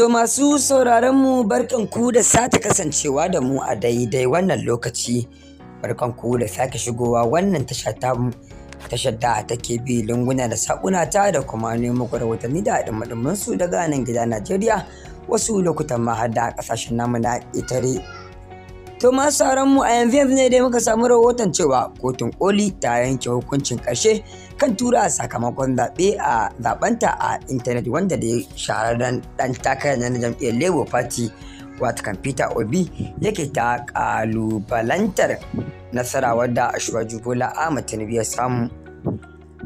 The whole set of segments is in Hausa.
To masu sauraronmu barkanku da sake kasancewa da mu a daidai wannan lokaci. Barkanku da sake shigowa wannan tasha tashar da take bi lunguna da saƙuna ta da kuma nemo rahotanni da haɗin su daga nan gida Najeriya wasu lokutan ma har da ƙasashen namu na itare. To masu mu a yanzu yanzu ne dai muka samu rahoton cewa kotun koli ta yanke hukuncin ƙarshe kan tura sakamakon zaɓe a zabanta a intanet wanda da shahararren ɗan takarar na jam'iyyar Labour Party wata Peter Obi yake ta ƙalubalantar nasara wadda Ashwaju Bola Ahmed Tinubu ya samu.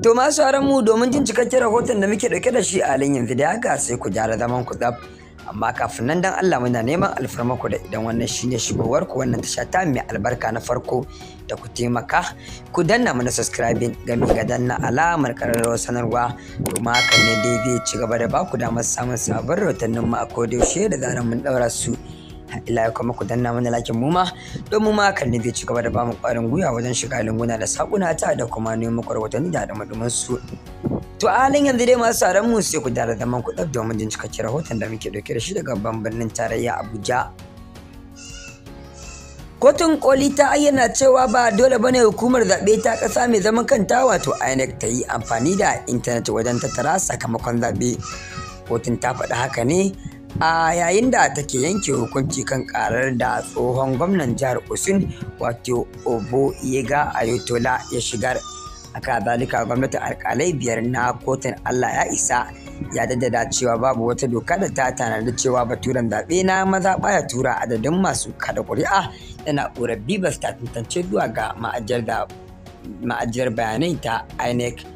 To masu mu domin jin cikakken rahoton da muke ɗauke da shi a halin yanzu da haka sai ku gyara zaman ku tsaf. amma kafin nan dan Allah muna neman ku da idan wannan shine shigowar ku wannan tasha ta mai albarka na farko da ku taimaka ku danna mana subscribing game ga danna alamar kararrawar sanarwa kuma hakan ne dai zai ci gaba da ba da damar samun sabon rahotannin mu a yaushe da zaran mun daura su ila kuma ku danna mana lakin mu ma don mu ma hakan ne zai ci gaba da bamu kwarin guya wajen shiga lunguna da sakuna ta da kuma neman rahotanni da da su To a halin yanzu dai masu tsaron mu sai ku dara zaman ku ɗab domin jin cikakken rahoton da muke ɗauke da shi daga babban birnin tarayya Abuja. Kotun koli ta ayyana cewa ba dole bane hukumar zaɓe ta ƙasa mai zaman kanta wato INEC ta yi amfani da intanet wajen tattara sakamakon zaɓe. Kotun ta faɗi haka ne a yayin da take yanke hukunci kan karar da tsohon gwamnan jihar Osun wato Obo Yega Ayotola ya shigar. a kazalika gwamnatin alkalai biyar na kotun allah ya isa ya daddada cewa babu wata doka da ta tanadi cewa baturen zaɓe na maza baya tura adadin masu kada ƙuri'a da na'urar bibas ta tantance zuwa ga ma'ajiyar bayanai ta inec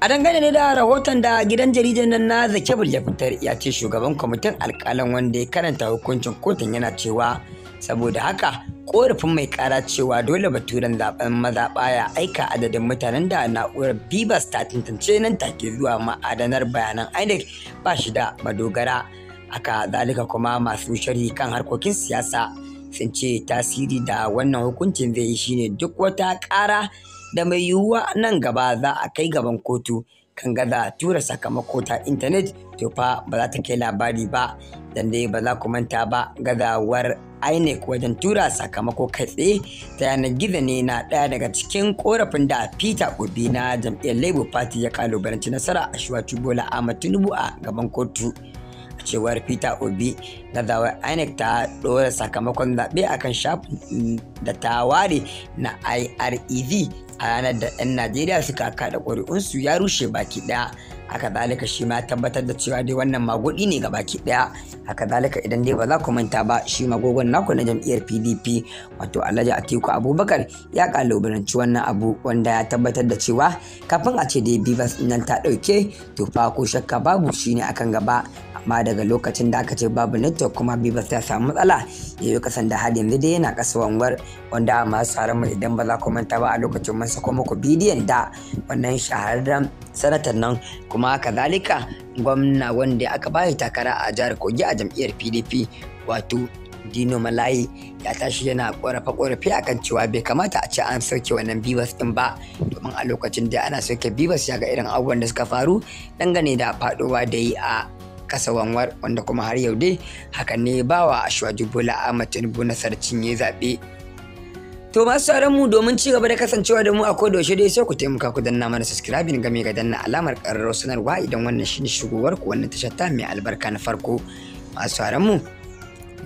a dangane ne da rahoton da gidan jaridar nan na zake ya fitar ya ce shugaban kwamitin alkalan wanda ya karanta hukuncin kotun yana cewa saboda haka korafin mai kara cewa dole baturen zaben mazaɓa ya aika adadin mutanen da na'urar bibas ta tantance nan take zuwa ma'adanar bayanan inec ba shi da madogara aka zalika kuma masu sharhi kan harkokin siyasa sun ce tasiri da wannan hukuncin zai yi shine duk wata ƙara da mai yiwuwa nan gaba za a kai gaban kotu kan gaza tura sakamako ta intanet to fa ba za ta kai labari ba dan dai ba za ku manta ba Gadawar INEC wajen tura sakamako kai tsaye ta yanar gizo ne na ɗaya daga cikin korafin da Peter Obi na jam'iyyar Labour Party ya kalubalanci nasara a shuwaci Bola Ahmad Tinubu a gaban kotu. A cewar Peter Obi, Gadawar INEC ta ɗora sakamakon zaɓe akan shafin da ta ware na IREV a ranar da 'yan najeriya suka kada ƙuri'unsu ya rushe baki ɗaya haka zalika shi ma tabbatar da cewa dai wannan magudi ne ga baki ɗaya, haka zalika idan dai ba za ku manta ba shi magogon naku na jam'iyyar pdp wato alhaji atiku abubakar ya kalubalanci wannan abu wanda ya tabbatar da cewa kafin a ce dai bibas nan ta dauke to fa ko shakka babu shine akan gaba ma daga lokacin da aka ce babu network kuma bibas ta samu matsala ya yi kasan da har yanzu dai yana kasa wangar wanda masu tsaron mu idan ba za ku manta ba a lokacin mun sako muku bidiyon da wannan shahararren sanatar nan kuma zalika gwamna wanda aka bayi takara a jihar kogi a jam'iyyar pdp wato Dino Malayi ya tashi yana korafa korafi akan cewa bai kamata a ce an sauke wannan bibas din ba domin a lokacin da ana sauke bibas ya ga irin abubuwan da suka faru dangane da faduwa da yi a kasa wanwar wanda kuma har yau dai hakan ne bawa Ashwaju Bola Ahmad Tinubu nasarar cinye zaɓe. To masu sauran mu domin ci gaba da kasancewa da mu a ko yaushe dai sai ku taimaka ku danna mana subscribing game ga danna alamar karar sanarwa idan wannan shine shigowar ku wannan tashar ta mai albarka na farko. Masu sauran mu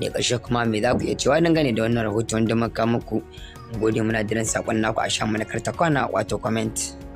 ne karshe kuma me za ku iya cewa dangane da wannan rahoton da muka muku. Gode muna jiran saƙon naku a sha mana karta kwana wato comment.